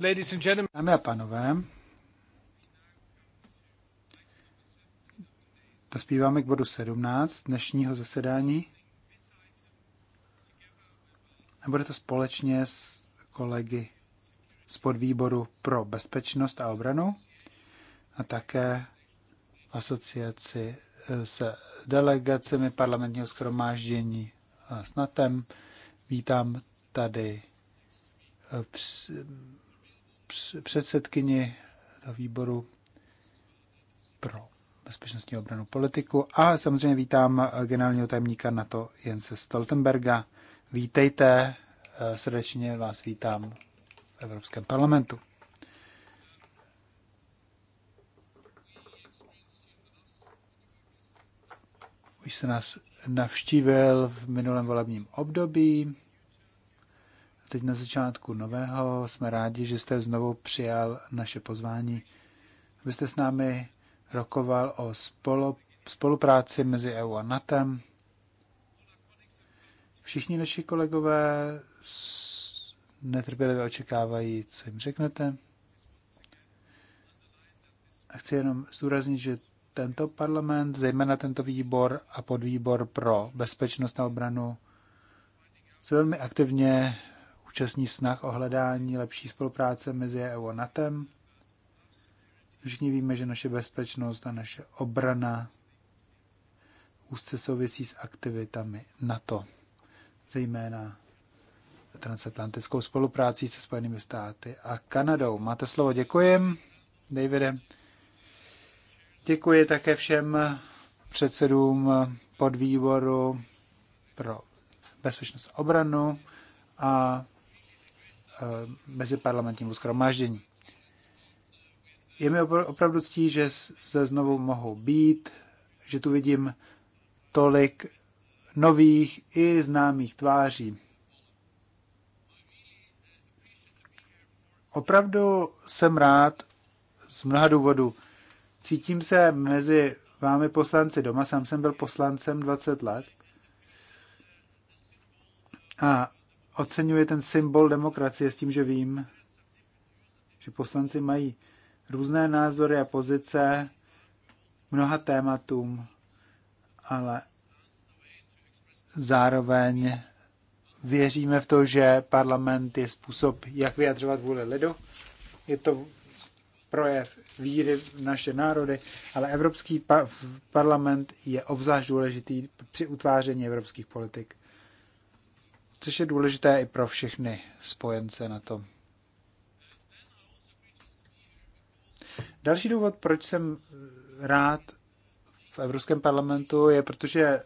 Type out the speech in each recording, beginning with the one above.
Ladies and gentlemen. Dámy a pánové, dospíváme k bodu 17 dnešního zasedání. A bude to společně s kolegy z podvýboru pro bezpečnost a obranu a také asociaci se delegacemi parlamentního schromáždění a s NATEM. Vítám tady eh, předsedkyni výboru pro bezpečnostní obranu politiku a samozřejmě vítám eh, generálního tajemníka NATO Jense Stoltenberga. Vítejte, eh, srdečně vás vítám v Evropském parlamentu. když se nás navštívil v minulém volebním období. Teď na začátku nového jsme rádi, že jste znovu přijal naše pozvání, abyste s námi rokoval o spolu, spolupráci mezi EU a NATO. Všichni naši kolegové netrpělivě očekávají, co jim řeknete. A chci jenom zúraznit, že tento parlament, zejména tento výbor a podvýbor pro bezpečnost a obranu, se velmi aktivně účastní snah o hledání lepší spolupráce mezi EU a NATEM. Všichni víme, že naše bezpečnost a naše obrana úzce souvisí s aktivitami NATO, zejména transatlantickou spoluprácí se Spojenými státy a Kanadou. Máte slovo, děkuji, Davide. Děkuji také všem předsedům podvýboru pro bezpečnost a obranu a e, meziparlamentnímu schromáždění. Je mi opravdu ctí, že se znovu mohu být, že tu vidím tolik nových i známých tváří. Opravdu jsem rád z mnoha důvodů, Cítím se mezi vámi poslanci doma, sám jsem byl poslancem 20 let a oceňuji ten symbol demokracie s tím, že vím, že poslanci mají různé názory a pozice mnoha tématům, ale zároveň věříme v to, že parlament je způsob, jak vyjadřovat vůli lidu. Je to projev víry v naše národy, ale Evropský pa- parlament je obzvlášť důležitý při utváření evropských politik, což je důležité i pro všechny spojence na tom. Další důvod, proč jsem rád v Evropském parlamentu, je, protože eh,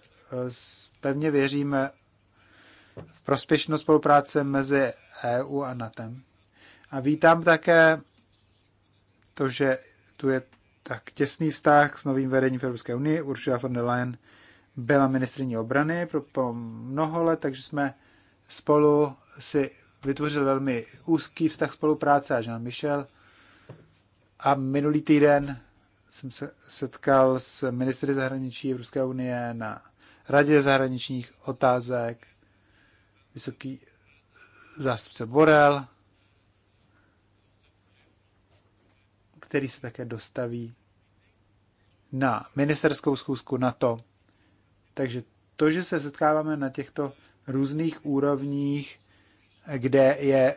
pevně věříme v prospěšnou spolupráce mezi EU a NATO. A vítám také to, že tu je tak těsný vztah s novým vedením v Evropské unii. Ursula von der Leyen byla ministriní obrany pro, pro mnoho let, takže jsme spolu si vytvořili velmi úzký vztah spolupráce a Jean Michel. A minulý týden jsem se setkal s ministry zahraničí Evropské unie na Radě zahraničních otázek, vysoký zástupce Borel který se také dostaví na ministerskou schůzku to, Takže to, že se setkáváme na těchto různých úrovních, kde je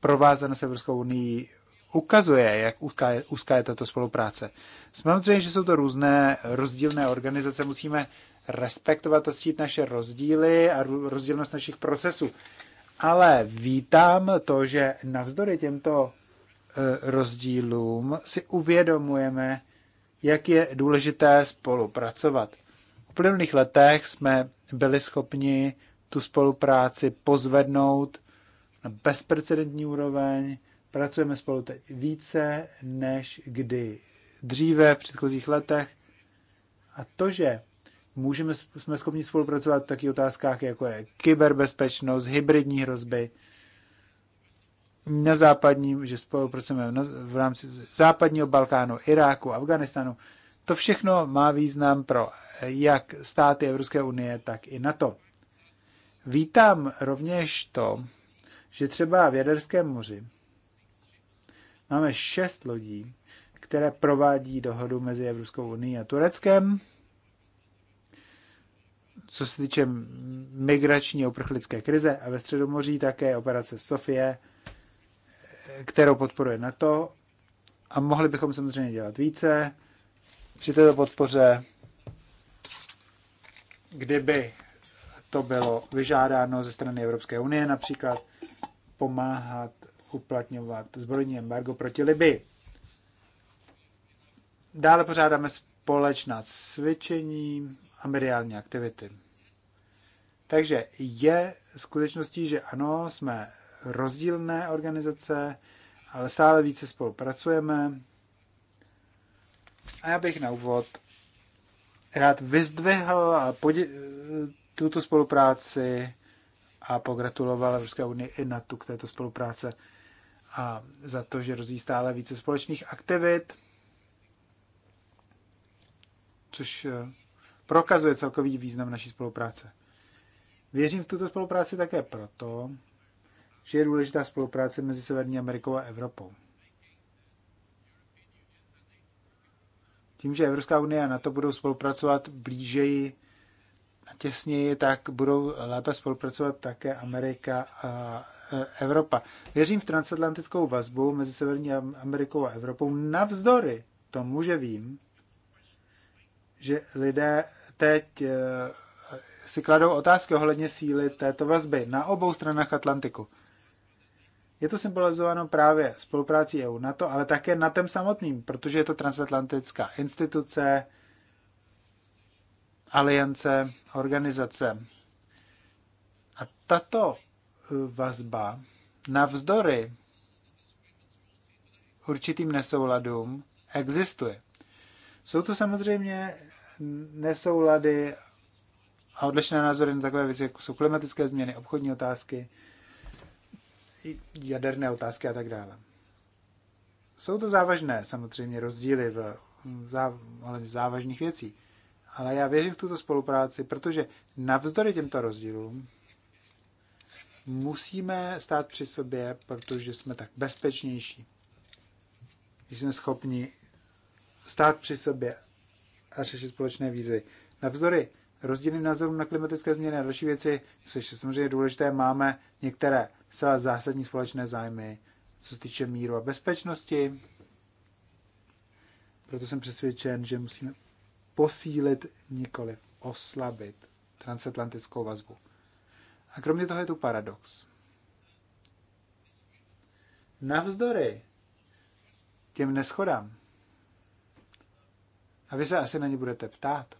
provázeno s Evropskou unii, ukazuje, jak úzká je, úzká je tato spolupráce. Samozřejmě, že jsou to různé rozdílné organizace, musíme respektovat a cítit naše rozdíly a rozdílnost našich procesů. Ale vítám to, že navzdory těmto Eh, rozdílům si uvědomujeme, jak je důležité spolupracovat. V uplynulých letech jsme byli schopni tu spolupráci pozvednout na bezprecedentní úroveň. Pracujeme spolu teď více než kdy dříve v předchozích letech. A to, že můžeme, jsme schopni spolupracovat v takových otázkách, jako je kyberbezpečnost, hybridní hrozby, na západním, že spolupracujeme v rámci západního Balkánu, Iráku, Afganistanu. To všechno má význam pro jak státy Evropské unie, tak i NATO. Vítám rovněž to, že třeba v Jaderském moři máme šest lodí, které provádí dohodu mezi Evropskou unii a Tureckem, co se týče migrační a uprchlické krize a ve Středomoří také operace Sofie, kterou podporuje NATO a mohli bychom samozřejmě dělat více při této podpoře, kdyby to bylo vyžádáno ze strany Evropské unie, například pomáhat uplatňovat zbrojní embargo proti Libii. Dále pořádáme společná cvičení a mediální aktivity. Takže je skutečností, že ano, jsme rozdílné organizace, ale stále více spolupracujeme. A já bych na úvod rád vyzdvihl a tuto spolupráci a pogratuloval Evropské unii i na tu k této spolupráce a za to, že rozvíjí stále více společných aktivit, což eh, prokazuje celkový význam naší spolupráce. Věřím v tuto spolupráci také proto, že je důležitá spolupráce mezi Severní Amerikou a Evropou. Tím, že Evropská unie a NATO budou spolupracovat blížeji a těsněji, tak budou lépe spolupracovat také Amerika a e, Evropa. Věřím v transatlantickou vazbu mezi Severní Amerikou a Evropou navzdory tomu, že vím, že lidé teď e, si kladou otázky ohledně síly této vazby na obou stranách Atlantiku. Je to symbolizováno právě spoluprácí EU na to, ale také na tem samotným, protože je to transatlantická instituce, aliance, organizace. A tato eh, vazba navzdory určitým nesouladům existuje. Jsou to samozřejmě nesoulady a odlišné názory na takové věci, jako jsou klimatické změny, obchodní otázky, jaderné otázky a tak dále. Jsou to závažné samozřejmě rozdíly v, závažných věcí, ale já věřím v tuto spolupráci, protože navzdory těmto rozdílům musíme stát při sobě, protože jsme tak bezpečnější. Když jsme schopni stát při sobě a řešit společné výzvy. Navzdory rozdílným názorům na klimatické změny a další věci, což je samozřejmě důležité, máme některé zcela zásadní společné zájmy, co se týče míru a bezpečnosti. Proto jsem přesvědčen, že musíme posílit, nikoli oslabit transatlantickou vazbu. A kromě toho je tu paradox. Navzdory těm neschodám, a vy se asi na ně budete ptát,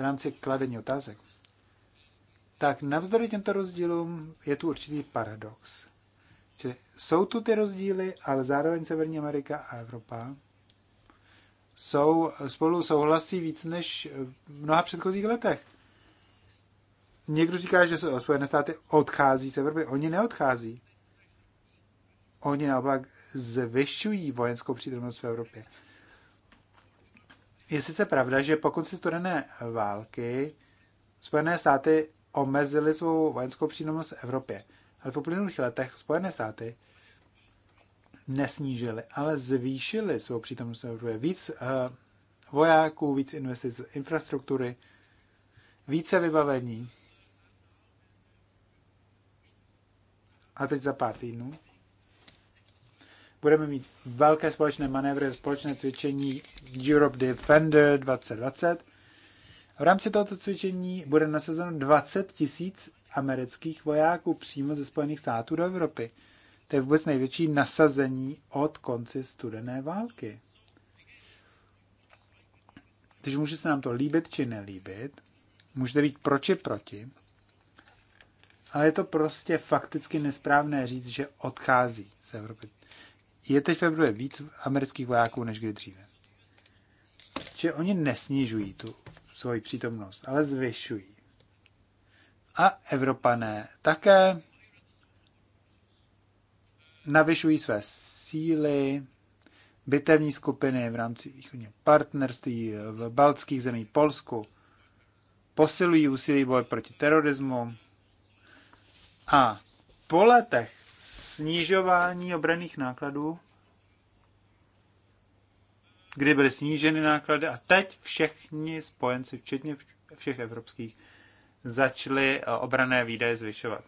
v rámci kladení otázek, tak navzdory těmto rozdílům je tu určitý paradox. Čili jsou tu ty rozdíly, ale zároveň Severní Amerika a Evropa jsou, spolu souhlasí víc než v mnoha předchozích letech. Někdo říká, že se Spojené státy odchází z Evropy. Oni neodchází. Oni naopak zvyšují vojenskou přítomnost v Evropě. Je sice pravda, že pokud si studené války Spojené státy omezily svou vojenskou přítomnost v Evropě, ale v uplynulých letech Spojené státy nesnížily, ale zvýšily svou přítomnost v Evropě. Víc uh, vojáků, víc investic infrastruktury, více vybavení. A teď za pár týdnů budeme mít velké společné manévry, společné cvičení Europe Defender 2020. V rámci tohoto cvičení bude nasazeno 20 tisíc amerických vojáků přímo ze Spojených států do Evropy. To je vůbec největší nasazení od konce studené války. Takže může se nám to líbit či nelíbit, můžete být proč či proti, ale je to prostě fakticky nesprávné říct, že odchází z Evropy je teď v Evropě víc amerických vojáků než kdy dříve. Že oni nesnižují tu svoji přítomnost, ale zvyšují. A Evropané také navyšují své síly, bitevní skupiny v rámci východního partnerství v baltských zemí Polsku, posilují úsilí boje proti terorismu a po letech snižování obraných nákladů, kdy byly sníženy náklady a teď všichni spojenci, včetně všech evropských, začaly eh, obrané výdaje zvyšovat.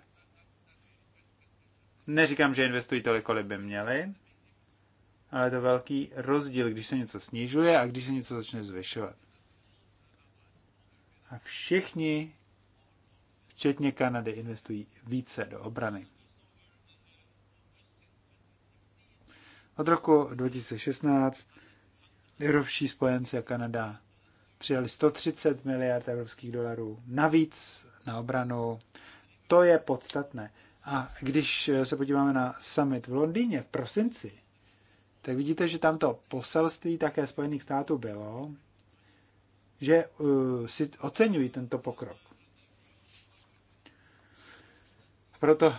Neříkám, že investují tolik, kolik by měli, ale je to velký rozdíl, když se něco snižuje a když se něco začne zvyšovat. A všichni, včetně Kanady, investují více do obrany. Od roku 2016 evropští spojenci a Kanada přijali 130 miliard evropských dolarů navíc na obranu. To je podstatné. A když se podíváme na summit v Londýně v prosinci, tak vidíte, že tam to poselství také Spojených států bylo, že uh, si oceňují tento pokrok. Proto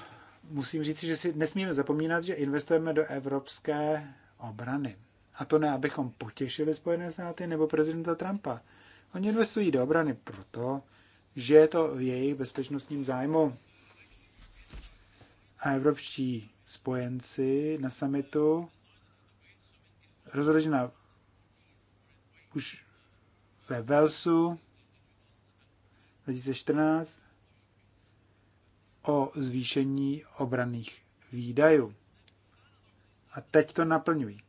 musím říct, že si nesmíme zapomínat, že investujeme do evropské obrany. A to ne, abychom potěšili Spojené státy nebo prezidenta Trumpa. Oni investují do obrany proto, že je to v jejich bezpečnostním zájmu. A evropští spojenci na summitu rozhodli na už ve Velsu 2014 o zvýšení obraných výdajů. A teď to naplňují.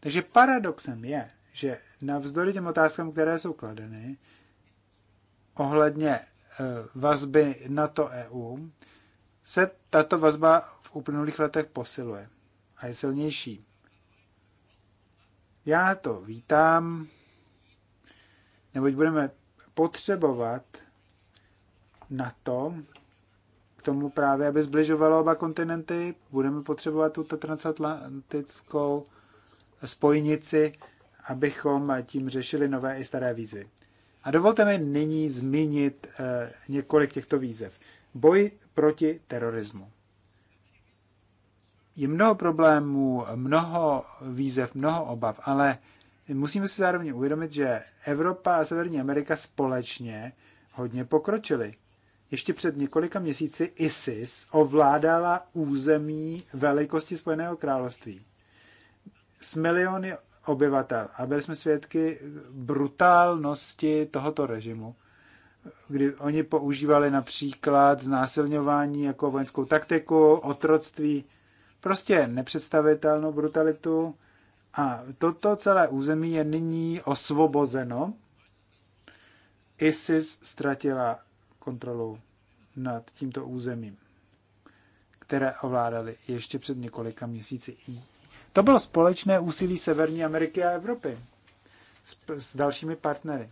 Takže paradoxem je, že navzdory těm otázkám, které jsou kladeny, ohledně eh, vazby NATO EU, se tato vazba v uplynulých letech posiluje a je silnější. Já to vítám, neboť budeme potřebovat na to, k tomu právě, aby zbližovalo oba kontinenty. Budeme potřebovat tuto transatlantickou spojnici, abychom tím řešili nové i staré výzvy. A dovolte mi nyní zmínit eh, několik těchto výzev. Boj proti terorismu. Je mnoho problémů, mnoho výzev, mnoho obav, ale musíme si zároveň uvědomit, že Evropa a Severní Amerika společně hodně pokročily. Ještě před několika měsíci ISIS ovládala území velikosti Spojeného království s miliony obyvatel a byli jsme svědky brutálnosti tohoto režimu, kdy oni používali například znásilňování jako vojenskou taktiku, otroctví, prostě nepředstavitelnou brutalitu. A toto celé území je nyní osvobozeno. ISIS ztratila kontrolou nad tímto územím, které ovládali ještě před několika měsíci. To bylo společné úsilí Severní Ameriky a Evropy s, s dalšími partnery.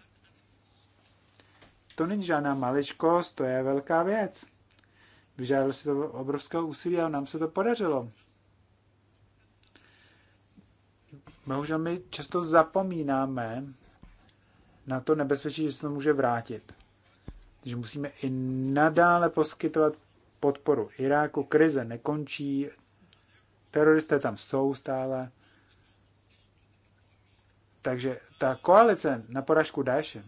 To není žádná maličkost, to je velká věc. Vyžádalo si to obrovského úsilí a nám se to podařilo. Bohužel my často zapomínáme na to nebezpečí, že se to může vrátit. Takže musíme i nadále poskytovat podporu Iráku. Krize nekončí, teroristé tam jsou stále. Takže ta koalice na poražku Daeše,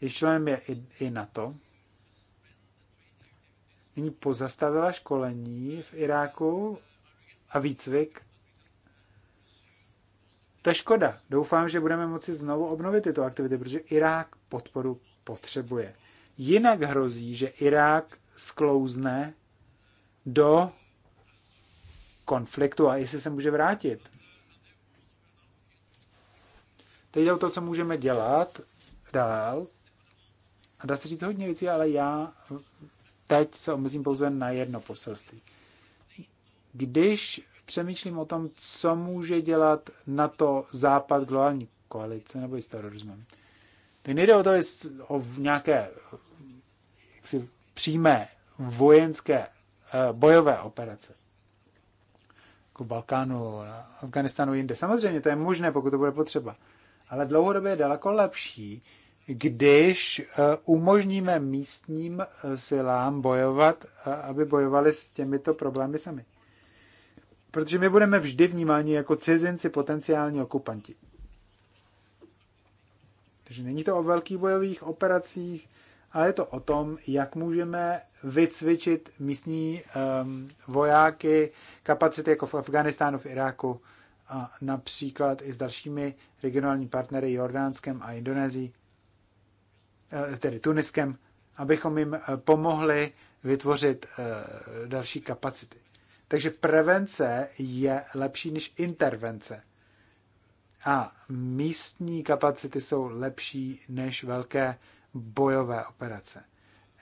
jejich členem je i, i NATO, nyní pozastavila školení v Iráku a výcvik. To je škoda. Doufám, že budeme moci znovu obnovit tyto aktivity, protože Irák podporu potřebuje. Jinak hrozí, že Irák sklouzne do konfliktu a jestli se může vrátit. Teď jde o to, co můžeme dělat dál. A dá se říct hodně věcí, ale já teď se omezím pouze na jedno poselství. Když přemýšlím o tom, co může dělat na to západ globální koalice nebo i s terorismem, Teď nejde o to, o nějaké jaksi, přímé vojenské eh, bojové operace. Jako Balkánu, Afganistánu, jinde. Samozřejmě to je možné, pokud to bude potřeba. Ale dlouhodobě je daleko lepší, když eh, umožníme místním eh, silám bojovat, aby bojovali s těmito problémy sami. Protože my budeme vždy vnímáni jako cizinci, potenciální okupanti. Takže není to o velkých bojových operacích, ale je to o tom, jak můžeme vycvičit místní um, vojáky, kapacity jako v Afganistánu, v Iráku a například i s dalšími regionální partnery Jordánskem a Indonésií, eh, tedy Tuniskem, abychom jim eh, pomohli vytvořit eh, další kapacity. Takže prevence je lepší než intervence a místní kapacity jsou lepší než velké bojové operace.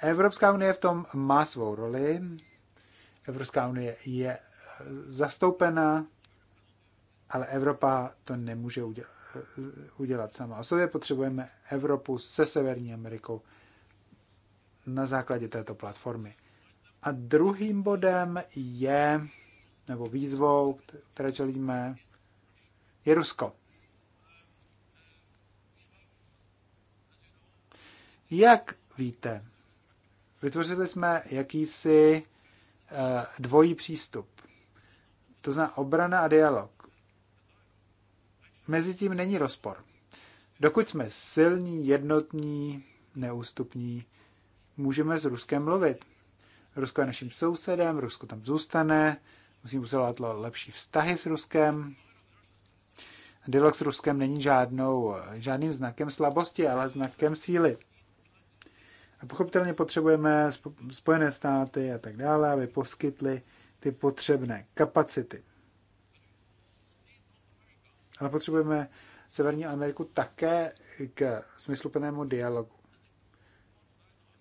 Evropská unie v tom má svou roli. Evropská unie je eh, zastoupena, ale Evropa to nemůže udělat, eh, udělat sama o sobě. Potřebujeme Evropu se Severní Amerikou na základě této platformy. A druhým bodem je, nebo výzvou, které čelíme, je Rusko. Jak víte, vytvořili jsme jakýsi eh, dvojí přístup. To znamená obrana a dialog. Mezi tím není rozpor. Dokud jsme silní, jednotní, neústupní, můžeme s Ruskem mluvit. Rusko je naším sousedem, Rusko tam zůstane, musíme usilovat lepší vztahy s Ruskem. Dialog s Ruskem není žádnou, žádným znakem slabosti, ale znakem síly. A pochopitelně potřebujeme Spojené státy a tak dále, aby poskytly ty potřebné kapacity. Ale potřebujeme Severní Ameriku také k smysluplnému dialogu.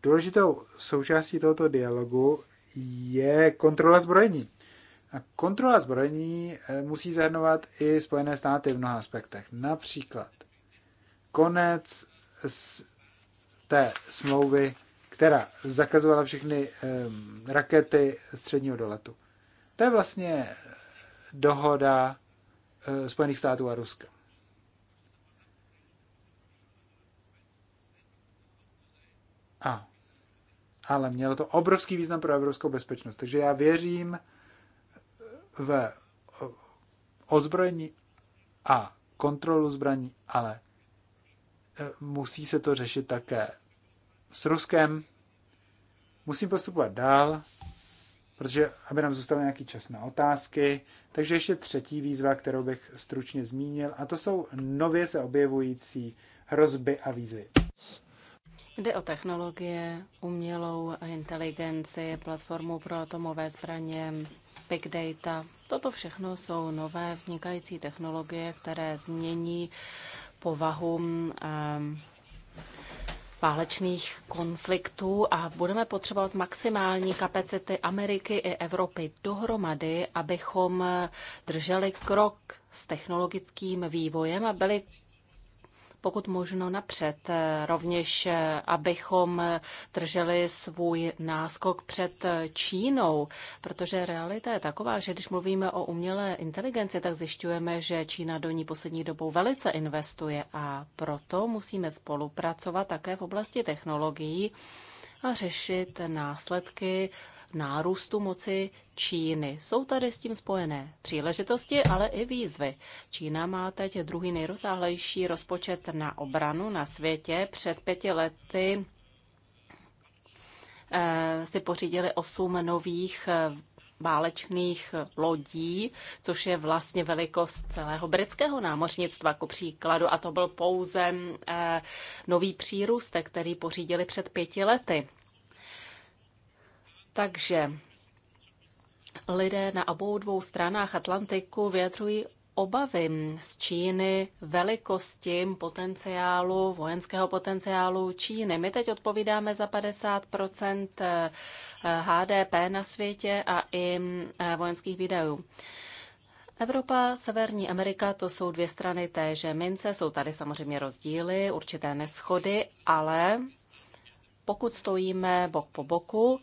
Důležitou součástí tohoto dialogu je kontrola zbrojení. A kontrola zbrojení eh, musí zahrnovat i Spojené státy v mnoha aspektech. Například konec s té smlouvy, která zakazovala všechny rakety středního doletu. To je vlastně dohoda eh, Spojených států a Ruska. A, ale mělo to obrovský význam pro evropskou bezpečnost. Takže já věřím v ozbrojení a kontrolu zbraní, ale musí se to řešit také s Ruskem. Musím postupovat dál, protože aby nám zůstal nějaký čas na otázky. Takže ještě třetí výzva, kterou bych stručně zmínil, a to jsou nově se objevující hrozby a výzvy. Jde o technologie, umělou inteligenci, platformu pro atomové zbraně, big data. Toto všechno jsou nové vznikající technologie, které změní povahu mm, válečných konfliktů a budeme potřebovat maximální kapacity Ameriky i Evropy dohromady, abychom eh, drželi krok s technologickým vývojem a byli pokud možno napřed, eh, rovněž eh, abychom eh, drželi svůj náskok před Čínou, protože realita je taková, že když mluvíme o umělé inteligenci, tak zjišťujeme, že Čína do ní poslední dobou velice investuje a proto musíme spolupracovat také v oblasti technologií a řešit následky nárůstu moci Číny. Jsou tady s tím spojené příležitosti, ale i výzvy. Čína má teď druhý nejrozsáhlejší rozpočet na obranu na světě. Před pěti lety eh, si pořídili osm nových eh, válečných lodí, což je vlastně velikost celého britského námořnictva, ku příkladu. A to byl pouze eh, nový přírůstek, který pořídili před pěti lety. Takže lidé na obou dvou stranách Atlantiku vyjadřují obavy z Číny, velikosti potenciálu, vojenského potenciálu Číny. My teď odpovídáme za 50 eh, HDP na světě a i eh, vojenských výdajů. Evropa, Severní Amerika, to jsou dvě strany téže mince. Jsou tady samozřejmě rozdíly, určité neschody, ale pokud stojíme bok po boku,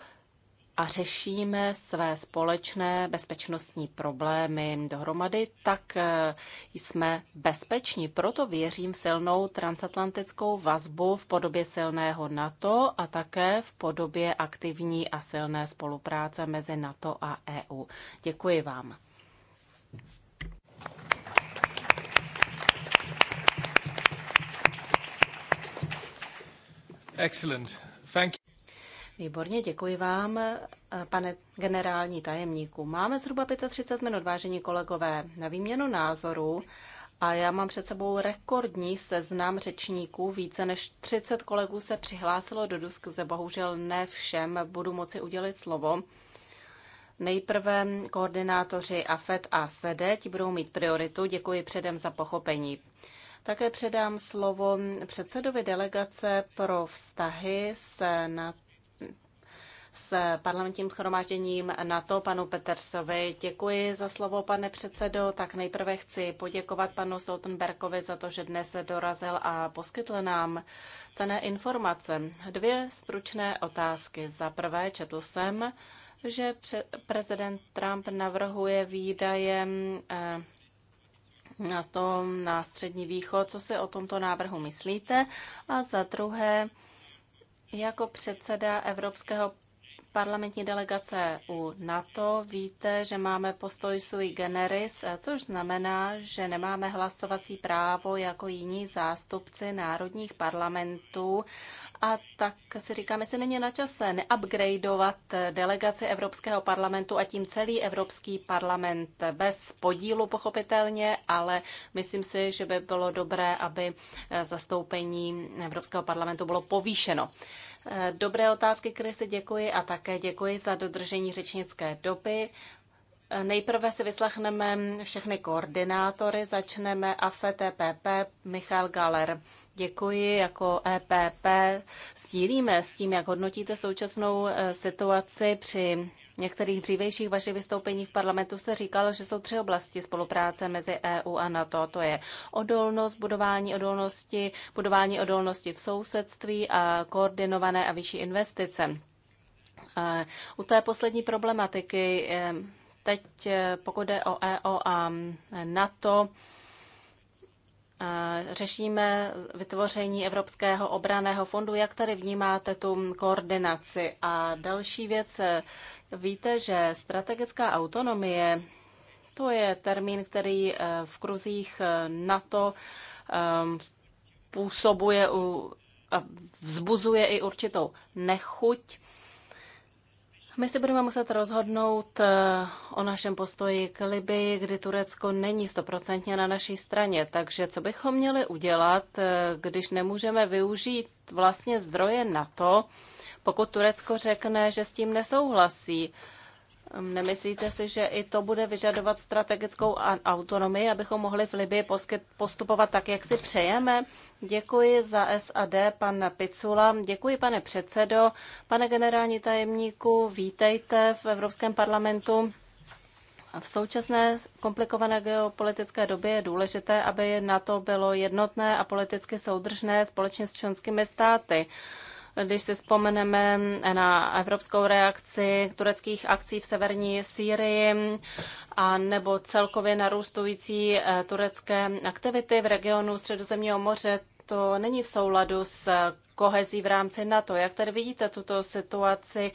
a řešíme své společné bezpečnostní problémy dohromady, tak eh, jsme bezpeční. Proto věřím v silnou transatlantickou vazbu v podobě silného NATO a také v podobě aktivní a silné spolupráce mezi NATO a EU. Děkuji vám. Excellent. Thank you. Výborně, děkuji vám, pane generální tajemníku. Máme zhruba 35 minut, vážení kolegové, na výměnu názorů. A já mám před sebou rekordní seznam řečníků. Více než 30 kolegů se přihlásilo do diskuze. Bohužel ne všem budu moci udělit slovo. Nejprve koordinátoři AFET a SED, ti budou mít prioritu. Děkuji předem za pochopení. Také předám slovo předsedovi delegace pro vztahy s s parlamentním schromážděním NATO, panu Petersovi. Děkuji za slovo, pane předsedo. Tak nejprve chci poděkovat panu Stoltenbergovi za to, že dnes dorazil a poskytl nám cené informace. Dvě stručné otázky. Za prvé četl jsem, že prezident Trump navrhuje výdaje eh, na to na střední východ. Co si o tomto návrhu myslíte? A za druhé, jako předseda Evropského parlamentní delegace u NATO, víte, že máme postoj sui generis, což znamená, že nemáme hlasovací právo jako jiní zástupci národních parlamentů a tak si říkáme, jestli není na čase neupgradeovat delegaci Evropského parlamentu a tím celý Evropský parlament bez podílu pochopitelně, ale myslím si, že by bylo dobré, aby zastoupení Evropského parlamentu bylo povýšeno. Dobré otázky, Krysy, děkuji a také děkuji za dodržení řečnické doby. Nejprve si vyslechneme všechny koordinátory, začneme AFTPP Michal Galer. Děkuji. Jako EPP sdílíme s tím, jak hodnotíte současnou e, situaci při některých dřívějších vašich vystoupení v parlamentu jste říkal, že jsou tři oblasti spolupráce mezi EU a NATO. To je odolnost, budování odolnosti, budování odolnosti v sousedství a koordinované a vyšší investice. E, u té poslední problematiky, e, teď pokud jde o EU a NATO, Eh, řešíme vytvoření Evropského obraného fondu. Jak tady vnímáte tu koordinaci? A další věc, eh, víte, že strategická autonomie, to je termín, který eh, v kruzích NATO ehm, působuje, vzbuzuje i určitou nechuť my si budeme muset rozhodnout eh, o našem postoji k Libii, kdy Turecko není stoprocentně na naší straně. Takže co bychom měli udělat, eh, když nemůžeme využít vlastně zdroje na to, pokud Turecko řekne, že s tím nesouhlasí? Nemyslíte si, že i to bude vyžadovat strategickou autonomii, abychom mohli v Libii postupovat tak, jak si přejeme? Děkuji za SAD, pan Picula. Děkuji, pane předsedo. Pane generální tajemníku, vítejte v Evropském parlamentu. V současné komplikované geopolitické době je důležité, aby na to bylo jednotné a politicky soudržné společně s členskými státy když si vzpomeneme na evropskou reakci tureckých akcí v severní Sýrii a nebo celkově narůstující eh, turecké aktivity v regionu Středozemního moře, to není v souladu s kohezí v rámci NATO. Jak tady vidíte tuto situaci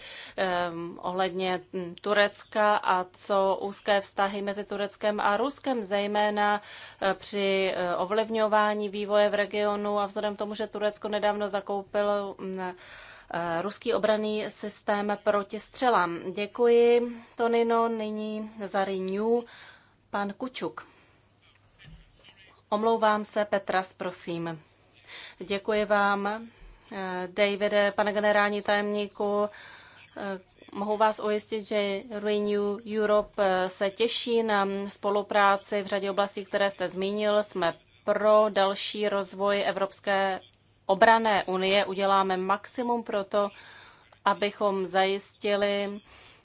um, ohledně hm, Turecka a co úzké vztahy mezi Tureckem a Ruskem, zejména e, při e, ovlivňování vývoje v regionu a vzhledem tomu, že Turecko nedávno zakoupilo hm, e, ruský obraný systém proti střelám. Děkuji, Tonino. Nyní za Renew pan Kučuk. Omlouvám se, Petras, prosím. Děkuji vám. Eh, Davide, pane generální tajemníku, eh, mohu vás ujistit, že Renew Europe eh, se těší na spolupráci v řadě oblastí, které jste zmínil. Jsme pro další rozvoj Evropské obrané unie. Uděláme maximum pro to, abychom zajistili,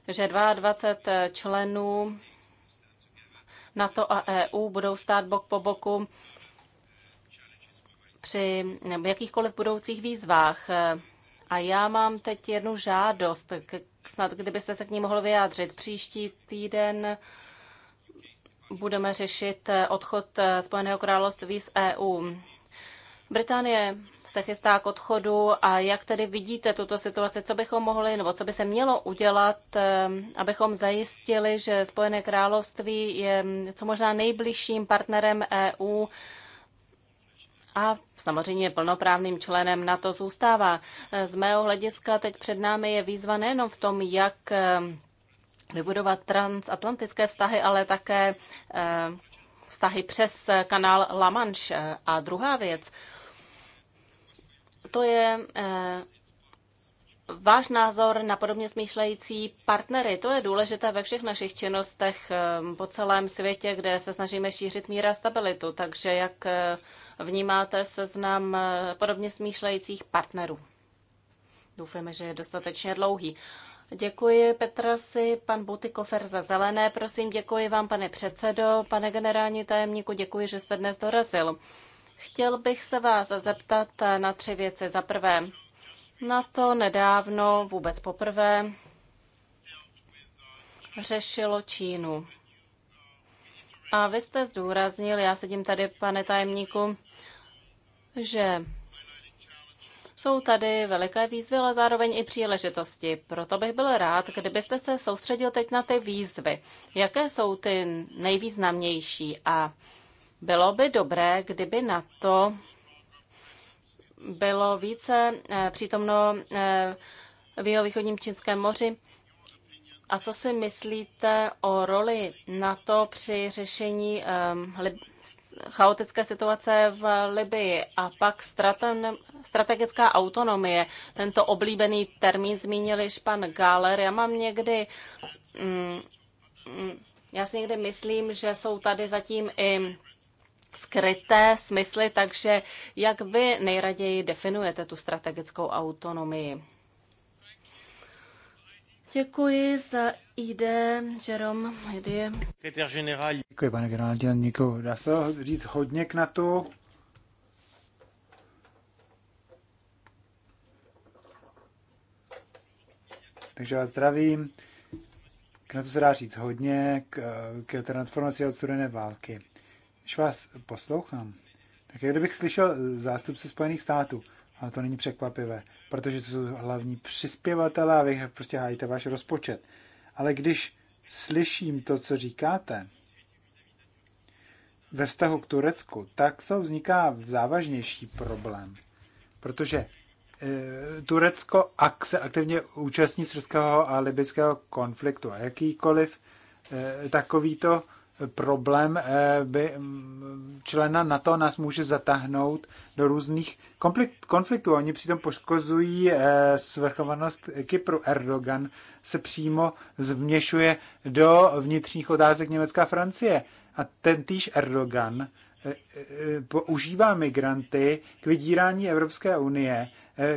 že 22 členů NATO a EU budou stát bok po boku při jakýchkoliv budoucích výzvách. A já mám teď jednu žádost, snad kdybyste se k ní mohl vyjádřit. Příští týden budeme řešit odchod Spojeného království z EU. Británie se chystá k odchodu a jak tedy vidíte tuto situaci, co bychom mohli nebo co by se mělo udělat, eh, abychom zajistili, že Spojené království je co možná nejbližším partnerem EU a samozřejmě plnoprávným členem NATO zůstává. Z mého hlediska teď před námi je výzva nejenom v tom, jak eh, vybudovat transatlantické vztahy, ale také eh, vztahy přes kanál La Manche. A druhá věc, to je eh, váš názor na podobně smýšlející partnery. To je důležité ve všech našich činnostech ehm, po celém světě, kde se snažíme šířit míra stabilitu. Takže jak eh, vnímáte seznam eh, podobně smýšlejících partnerů? Doufujeme, že je dostatečně dlouhý. Děkuji Petrasi, pan Butikofer za zelené. Prosím, děkuji vám, pane předsedo, pane generální tajemníku, děkuji, že jste dnes dorazil. Chtěl bych se vás zeptat eh, na tři věci. Za prvé, na to nedávno vůbec poprvé řešilo Čínu. A vy jste zdůraznil, já sedím tady, pane tajemníku, že jsou tady veliké výzvy, ale zároveň i příležitosti. Proto bych byl rád, kdybyste se soustředil teď na ty výzvy. Jaké jsou ty nejvýznamnější? A bylo by dobré, kdyby na to bylo více eh, přítomno eh, v jeho východním Čínském moři. A co si myslíte o roli NATO při řešení ehm, chaotické situace v Libii a pak strategická autonomie. Tento oblíbený termín zmínil již pan Galer. Já mám někdy, mm, mm, já si někdy myslím, že jsou tady zatím i skryté smysly, takže jak vy nejraději definujete tu strategickou autonomii? Děkuji za ID, Jerome. ID. Děkuji, pane generál? dělníku. Dá se říct hodně k NATO. Takže vás zdravím. K NATO se dá říct hodně, k, k transformaci od studené války. Když vás poslouchám, tak jak kdybych slyšel zástupce Spojených států, ale to není překvapivé, protože to jsou hlavní přispěvatelé a vy prostě hájíte váš rozpočet. Ale když slyším to, co říkáte, ve vztahu k Turecku, tak to vzniká závažnější problém. Protože e, Turecko ak se aktivně účastní srdského a libického konfliktu a jakýkoliv e, takovýto problém eh, by mm, člena NATO nás může zatáhnout do různých konfliktů. Oni přitom poškozují eh, svrchovanost Kypru. Erdogan se přímo změšuje do vnitřních otázek Německa a Francie. A ten týž Erdogan eh, používá migranty k vydírání Evropské unie,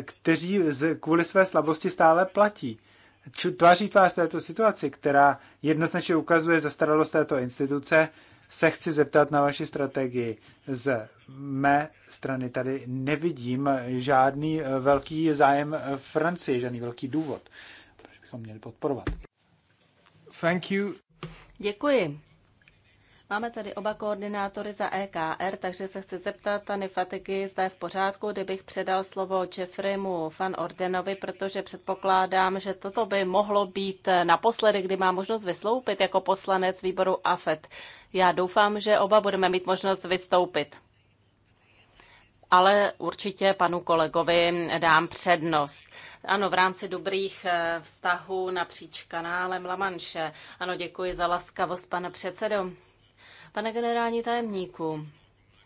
kteří kvůli své slabosti stále platí tváří tvář této situaci, která jednoznačně ukazuje zastaralost této instituce, se chci zeptat na vaši strategii. Z mé strany tady nevidím žádný eh, velký zájem Francie, žádný velký důvod, proč bychom měli podporovat. Thank you. Děkuji. Máme tady oba koordinátory za EKR, takže se chci zeptat Tany Fatiky, zda je v pořádku, kdybych předal slovo Jeffreymu Van Ordenovi, protože předpokládám, že toto by mohlo být naposledy, kdy má možnost vystoupit jako poslanec výboru AFET. Já doufám, že oba budeme mít možnost vystoupit. Ale určitě panu kolegovi dám přednost. Ano, v rámci dobrých eh, vztahů napříč kanálem Lamanše. Ano, děkuji za laskavost, pane předsedo. Pane generální tajemníku,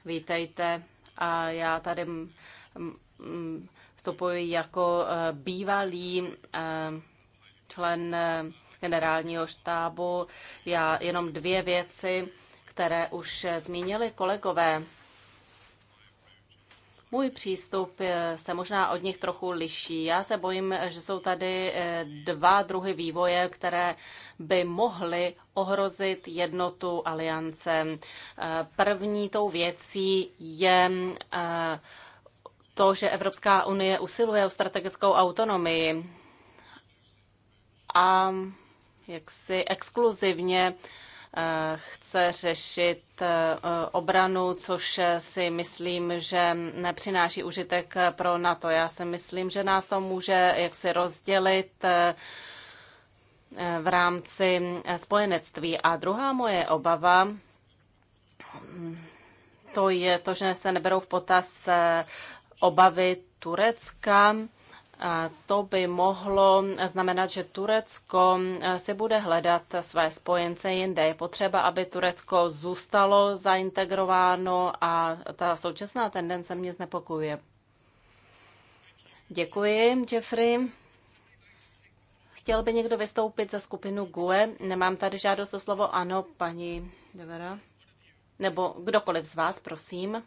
vítejte a já tady mm, mm, vstupuji jako eh, bývalý eh, člen eh, generálního štábu. Já jenom dvě věci, které už zmínili kolegové. Můj přístup eh, se možná od nich trochu liší. Já se bojím, že jsou tady eh, dva druhy vývoje, které by mohly ohrozit jednotu aliance. Eh, první tou věcí je to, že Evropská unie usiluje o strategickou autonomii a jaksi exkluzivně uh, Eh, chce řešit eh, obranu, což si myslím, že nepřináší užitek eh, pro NATO. Já si myslím, že nás to může jaksi rozdělit v rámci spojenectví. A druhá moje obava, to je to, že se neberou v potaz obavy Turecka to by mohlo znamenat, že Turecko eh, si bude hledat své spojence jinde. Je potřeba, aby Turecko zůstalo zaintegrováno a ta současná tendence mě znepokuje. Děkuji, Jeffrey. Chtěl by někdo vystoupit za skupinu GUE? Nemám tady žádost o slovo. Ano, paní Devera. Nebo kdokoliv z vás, prosím.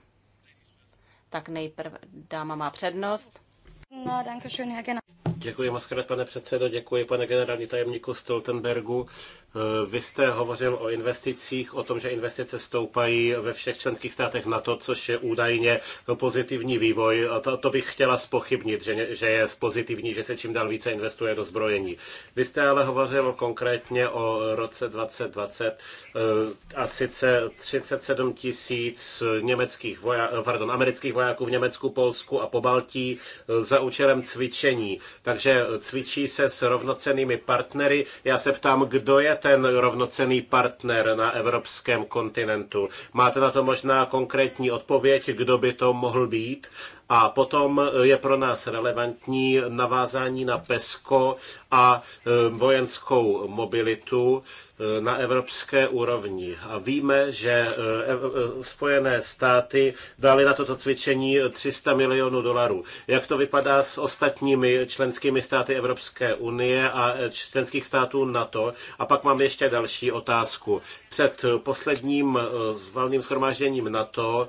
Tak nejprve dáma má přednost. No, danke schön, Herr General. Děkuji moc krát, pane předsedo, děkuji pane generální tajemníku Stoltenbergu. Eh, vy jste hovořil o investicích, o tom, že investice stoupají ve všech členských státech na to, což je údajně pozitivní vývoj. A to, to bych chtěla spochybnit, že, že je pozitivní, že se čím dál více investuje do zbrojení. Vy jste ale hovořil konkrétně o roce 2020 eh, a sice 37 tisíc německých voja, pardon, amerických vojáků v Německu, Polsku a Pobaltí eh, za účelem cvičení. Takže cvičí se s rovnocenými partnery. Já se ptám, kdo je ten rovnocený partner na evropském kontinentu. Máte na to možná konkrétní odpověď, kdo by to mohl být? A potom je pro nás relevantní navázání na PESCO a eh, vojenskou mobilitu, Eh, na evropské úrovni. A víme, že eh, eh, Spojené státy dali na toto cvičení 300 milionů dolarů. Jak to vypadá s ostatními členskými státy Evropské unie a členských států NATO? A pak mám ještě další otázku. Před posledním valným schromážděním NATO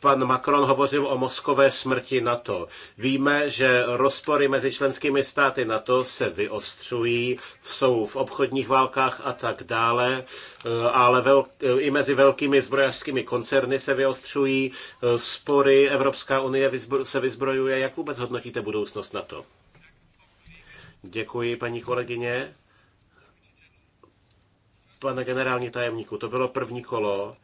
pan Macron hovořil o mozkové smrti NATO. Víme, že rozpory mezi členskými státy NATO se vyostřují, jsou v obchodních válkách a tak dále, eh, ale eh, i mezi velkými zbrojařskými koncerny se vyostřují eh, spory, Evropská unie vyzbro, se vyzbrojuje. Jak vůbec hodnotíte budoucnost to? Děkuji, paní kolegyně. Pane generální tajemníku, to bylo první kolo.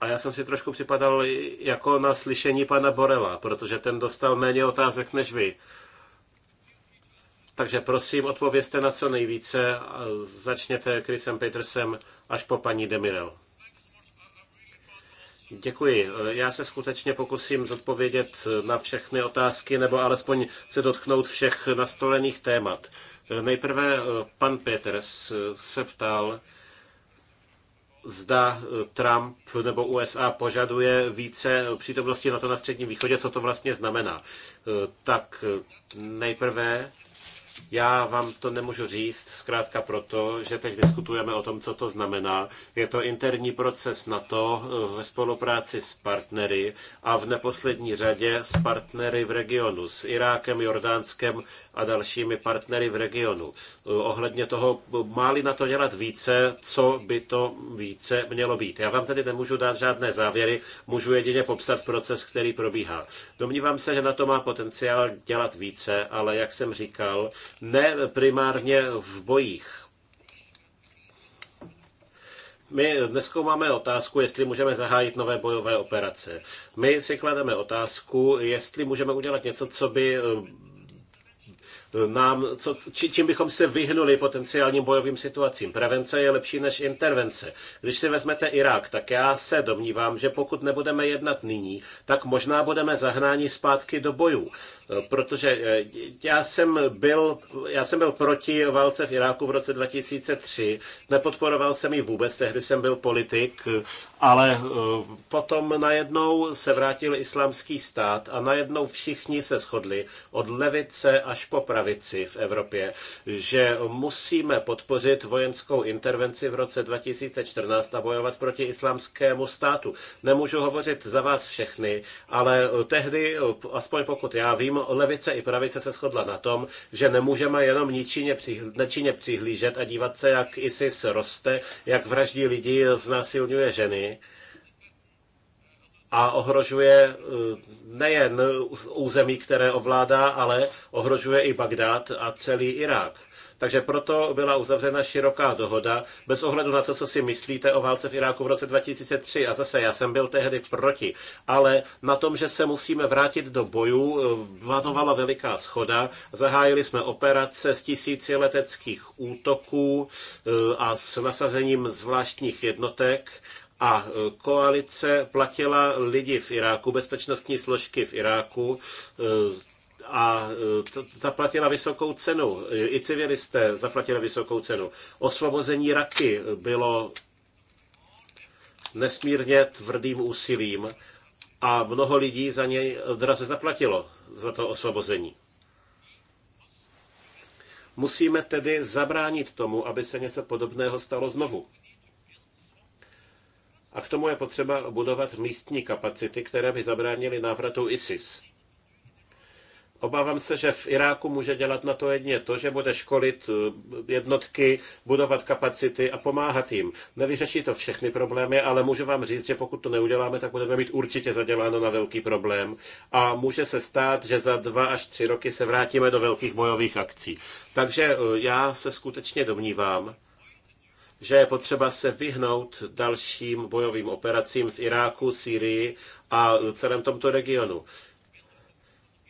A já jsem si trošku připadal jako na slyšení pana Borela, protože ten dostal méně otázek než vy. Takže prosím, odpovězte na co nejvíce. Začněte Chrisem Petersem až po paní Demirel. Děkuji. Já se skutečně pokusím zodpovědět na všechny otázky, nebo alespoň se dotknout všech nastolených témat. Nejprve pan Peters se ptal, zda Trump nebo USA požaduje více přítomnosti na to na Středním východě, co to vlastně znamená. Tak nejprve já vám to nemůžu říct, zkrátka proto, že teď diskutujeme o tom, co to znamená. Je to interní proces NATO eh, ve spolupráci s partnery a v neposlední řadě s partnery v regionu, s Irákem, Jordánskem a dalšími partnery v regionu. Eh, ohledně toho, eh, máli na to dělat více, co by to více mělo být. Já vám tedy nemůžu dát žádné závěry, můžu jedině popsat proces, který probíhá. Domnívám se, že na to má potenciál dělat více, ale jak jsem říkal, ne primárně v bojích. My dneska máme otázku, jestli můžeme zahájit nové bojové operace. My si klademe otázku, jestli můžeme udělat něco, co by eh, nám, co, či, čím bychom se vyhnuli potenciálním bojovým situacím. Prevence je lepší než intervence. Když si vezmete Irák, tak já se domnívám, že pokud nebudeme jednat nyní, tak možná budeme zahnáni zpátky do bojů protože eh, já jsem byl, já jsem byl proti válce v Iráku v roce 2003, nepodporoval jsem ji vůbec, tehdy jsem byl politik, ale eh, potom najednou se vrátil islámský stát a najednou všichni se shodli, od levice až po pravici v Evropě, že musíme podpořit vojenskou intervenci v roce 2014 a bojovat proti islámskému státu. Nemůžu hovořit za vás všechny, ale eh, tehdy, aspoň pokud já vím, mimo levice i pravice se shodla na tom, že nemůžeme jenom ničině, nečinně přihlížet a dívat se, jak ISIS roste, jak vraždí lidi, znásilňuje ženy a ohrožuje eh, nejen území, které ovládá, ale ohrožuje i Bagdád a celý Irák. Takže proto byla uzavřena široká dohoda, bez ohledu na to, co si myslíte o válce v Iráku v roce 2003. A zase já jsem byl tehdy proti. Ale na tom, že se musíme vrátit do bojů, eh, panovala veliká schoda. Zahájili jsme operace s tisíci leteckých útoků eh, a s nasazením zvláštních jednotek a e, koalice platila lidi v Iráku, bezpečnostní složky v Iráku, e, a e, zaplatila vysokou cenu. I civilisté zaplatili vysokou cenu. Osvobození Raky bylo nesmírně tvrdým úsilím a mnoho lidí za něj draze zaplatilo, za to osvobození. Musíme tedy zabránit tomu, aby se něco podobného stalo znovu. A k tomu je potřeba budovat místní kapacity, které by zabránily návratu ISIS. Obávám se, že v Iráku může dělat na to jedině to, že bude školit eh, jednotky, budovat kapacity a pomáhat jim. Nevyřeší to všechny problémy, ale můžu vám říct, že pokud to neuděláme, tak budeme mít určitě zaděláno na velký problém. A může se stát, že za dva až tři roky se vrátíme do velkých bojových akcí. Takže eh, já se skutečně domnívám, že je potřeba se vyhnout dalším bojovým operacím v Iráku, Sýrii a celém tomto regionu.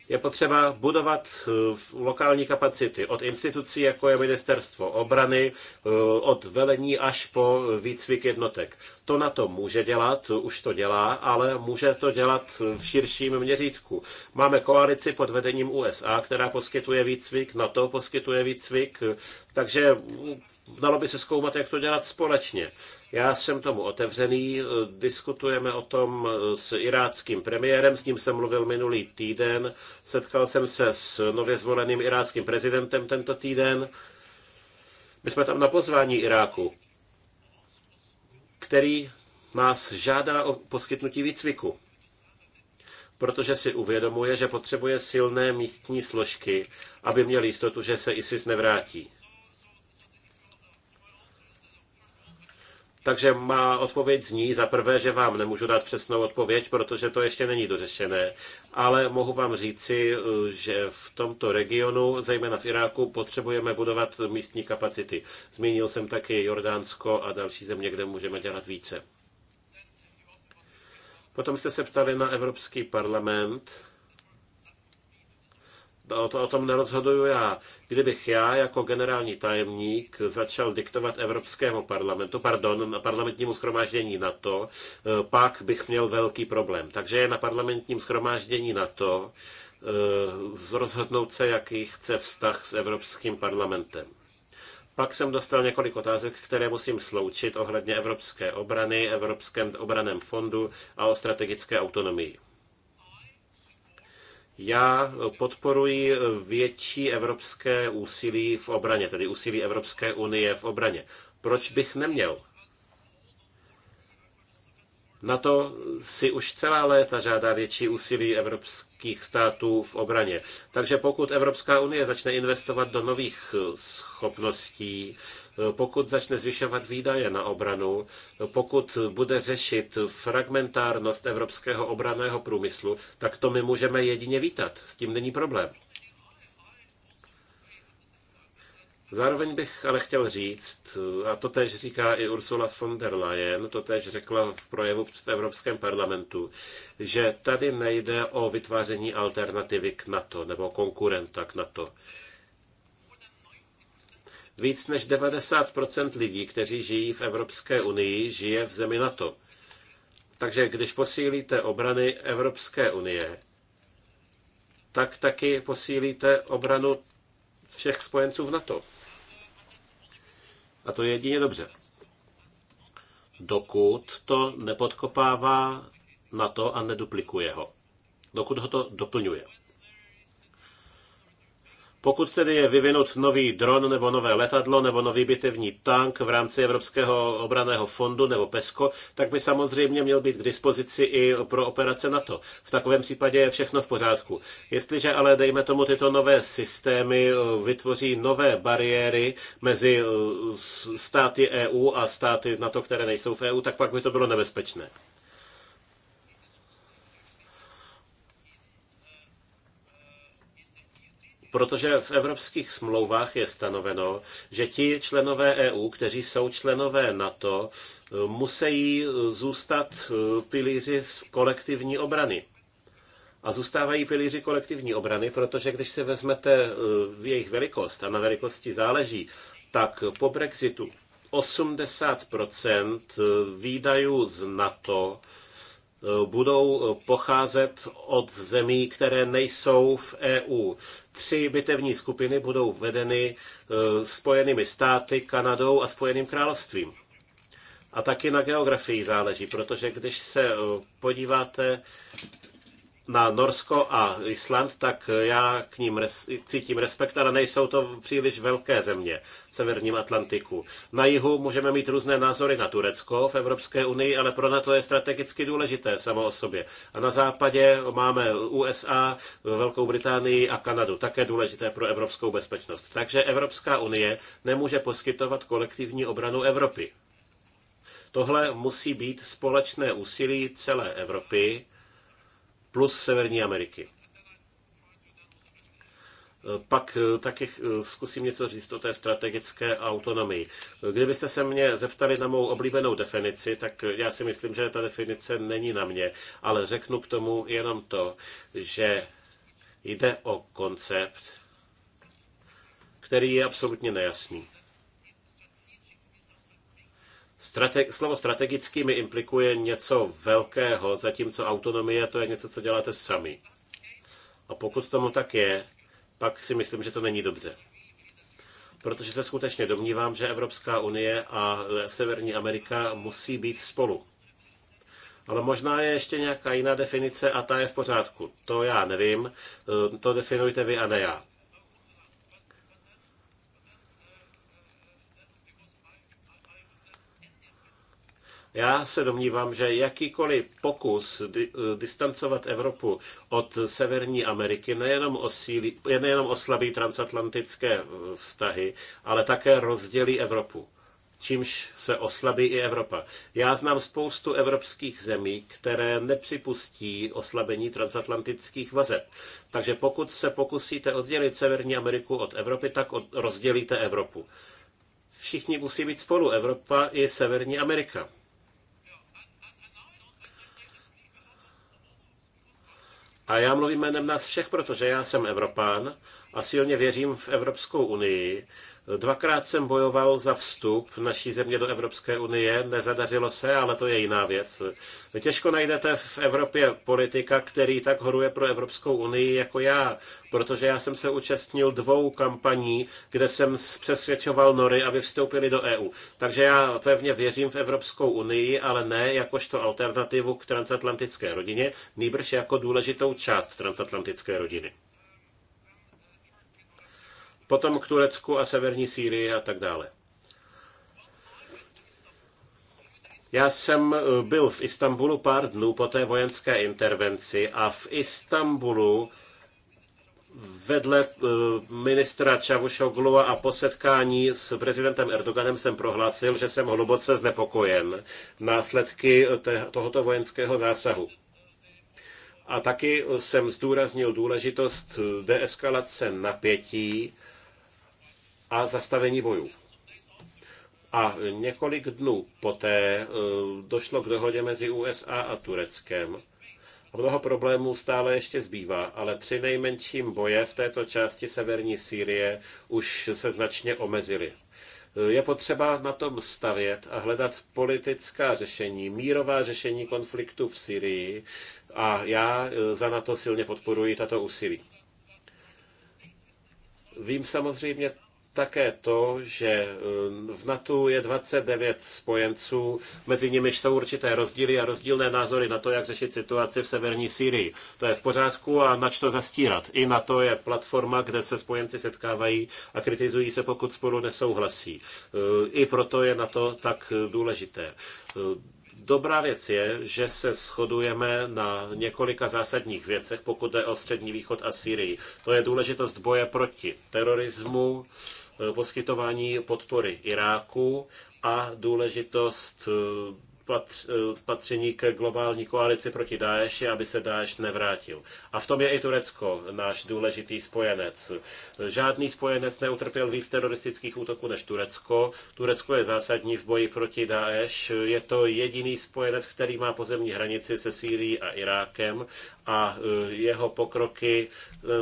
Je potřeba budovat eh, lokální kapacity od institucí, jako je ministerstvo obrany, eh, od velení až po výcvik jednotek. To na to může dělat, už to dělá, ale může to dělat v širším měřítku. Máme koalici pod vedením USA, která poskytuje výcvik, NATO poskytuje výcvik, eh, takže dalo by se zkoumat, jak to dělat společně. Já jsem tomu otevřený, eh, diskutujeme o tom eh, s iráckým premiérem, s ním jsem mluvil minulý týden, setkal jsem se s nově zvoleným iráckým prezidentem tento týden. My jsme tam na pozvání Iráku, který nás žádá o poskytnutí výcviku, protože si uvědomuje, že potřebuje silné místní složky, aby měl jistotu, že se ISIS nevrátí. Takže má odpověď zní za prvé, že vám nemůžu dát přesnou odpověď, protože to ještě není dořešené, ale mohu vám říci, eh, že v tomto regionu, zejména v Iráku, potřebujeme budovat místní kapacity. Zmínil jsem taky Jordánsko a další země, kde můžeme dělat více. Potom jste se ptali na Evropský parlament o, no, to, o tom nerozhoduju já. Kdybych já jako generální tajemník začal diktovat Evropskému parlamentu, pardon, na parlamentnímu schromáždění NATO, eh, pak bych měl velký problém. Takže je na parlamentním schromáždění NATO eh, rozhodnout se, jaký chce vztah s Evropským parlamentem. Pak jsem dostal několik otázek, které musím sloučit ohledně evropské obrany, Evropském obraném fondu a o strategické autonomii. Já podporuji větší evropské úsilí v obraně, tedy úsilí Evropské unie v obraně. Proč bych neměl? Na to si už celá léta žádá větší úsilí evropských států v obraně. Takže pokud Evropská unie začne investovat do nových schopností, pokud začne zvyšovat výdaje na obranu, pokud bude řešit fragmentárnost evropského obraného průmyslu, tak to my můžeme jedině vítat. S tím není problém. Zároveň bych ale chtěl říct, a to tež říká i Ursula von der Leyen, to tež řekla v projevu v Evropském parlamentu, že tady nejde o vytváření alternativy k NATO nebo konkurenta k NATO. Víc než 90% lidí, kteří žijí v Evropské unii, žije v zemi NATO. Takže když posílíte obrany Evropské unie, tak taky posílíte obranu všech spojenců v NATO. A to je jedině dobře. Dokud to nepodkopává NATO a neduplikuje ho. Dokud ho to doplňuje. Pokud tedy je vyvinut nový dron nebo nové letadlo nebo nový bitevní tank v rámci Evropského obraného fondu nebo PESCO, tak by samozřejmě měl být k dispozici i pro operace NATO. V takovém případě je všechno v pořádku. Jestliže ale, dejme tomu, tyto nové systémy eh, vytvoří nové bariéry mezi eh, státy EU a státy NATO, které nejsou v EU, tak pak by to bylo nebezpečné. protože v evropských smlouvách je stanoveno, že ti členové EU, kteří jsou členové NATO, musí zůstat eh, pilíři z kolektivní obrany. A zůstávají pilíři kolektivní obrany, protože když si vezmete eh, jejich velikost, a na velikosti záleží, tak po Brexitu 80 eh, výdajů z NATO Eh, budou eh, pocházet od zemí, které nejsou v EU. Tři bitevní skupiny budou vedeny eh, Spojenými státy, Kanadou a Spojeným královstvím. A taky na geografii záleží, protože když se podíváte na Norsko a Island, tak já k ním res, cítím respekt, ale nejsou to příliš velké země v severním Atlantiku. Na jihu můžeme mít různé názory na Turecko v Evropské unii, ale pro NATO je strategicky důležité samo o sobě. A na západě máme USA, Velkou Británii a Kanadu, také důležité pro evropskou bezpečnost. Takže Evropská unie nemůže poskytovat kolektivní obranu Evropy. Tohle musí být společné úsilí celé Evropy, plus Severní Ameriky. Eh, pak eh, taky eh, zkusím něco říct o té strategické autonomii. Kdybyste se mě zeptali na mou oblíbenou definici, tak já si myslím, že ta definice není na mě, ale řeknu k tomu jenom to, že jde o koncept, který je absolutně nejasný. Strate- slovo strategický mi implikuje něco velkého, zatímco autonomie to je něco, co děláte sami. A pokud tomu tak je, pak si myslím, že to není dobře. Protože se skutečně domnívám, že Evropská unie a Severní Amerika musí být spolu. Ale možná je ještě nějaká jiná definice a ta je v pořádku. To já nevím, e, to definujte vy a ne já. Já se domnívám, že jakýkoliv pokus di- eh, distancovat Evropu od Severní Ameriky nejenom, osílí, nejenom oslabí transatlantické eh, vztahy, ale také rozdělí Evropu čímž se oslabí i Evropa. Já znám spoustu evropských zemí, které nepřipustí oslabení transatlantických vazeb. Takže pokud se pokusíte oddělit Severní Ameriku od Evropy, tak od, rozdělíte Evropu. Všichni musí být spolu, Evropa i Severní Amerika. A já mluvím jménem nás všech, protože já jsem Evropán a silně věřím v Evropskou unii, Dvakrát jsem bojoval za vstup naší země do Evropské unie, nezadařilo se, ale to je jiná věc. Těžko najdete v Evropě politika, který tak horuje pro Evropskou unii jako já, protože já jsem se účastnil dvou kampaní, kde jsem přesvědčoval Nory, aby vstoupili do EU. Takže já pevně věřím v Evropskou unii, ale ne jakožto alternativu k transatlantické rodině, nýbrž jako důležitou část transatlantické rodiny potom k Turecku a severní Sýrii a tak dále. Já jsem eh, byl v Istanbulu pár dnů po té vojenské intervenci a v Istanbulu vedle eh, ministra Čavušoglu a po setkání s prezidentem Erdoganem jsem prohlásil, že jsem hluboce znepokojen následky eh, tohoto vojenského zásahu. A taky jsem zdůraznil důležitost deeskalace napětí a zastavení bojů. A několik dnů poté eh, došlo k dohodě mezi USA a Tureckem. Mnoho problémů stále ještě zbývá, ale při nejmenším boje v této části severní Sýrie už se značně omezily. Eh, je potřeba na tom stavět a hledat politická řešení, mírová řešení konfliktu v Syrii a já eh, za na to silně podporuji tato úsilí. Vím samozřejmě také to, že eh, v NATO je 29 spojenců, mezi nimiž jsou určité rozdíly a rozdílné názory na to, jak řešit situaci v severní Sýrii. To je v pořádku a nač to zastírat. I na to je platforma, kde se spojenci setkávají a kritizují se, pokud spolu nesouhlasí. Eh, I proto je na to tak důležité. Eh, dobrá věc je, že se shodujeme na několika zásadních věcech, pokud jde o Střední východ a Syrii. To je důležitost boje proti terorismu, Eh, poskytování podpory Iráku a důležitost eh, eh, patření k globální koalici proti Dáješi, aby se Dáješ nevrátil. A v tom je i Turecko, náš důležitý spojenec. Žádný spojenec neutrpěl víc teroristických útoků než Turecko. Turecko je zásadní v boji proti Dáješ. Je to jediný spojenec, který má pozemní hranici se Sýrií a Irákem a e, jeho pokroky,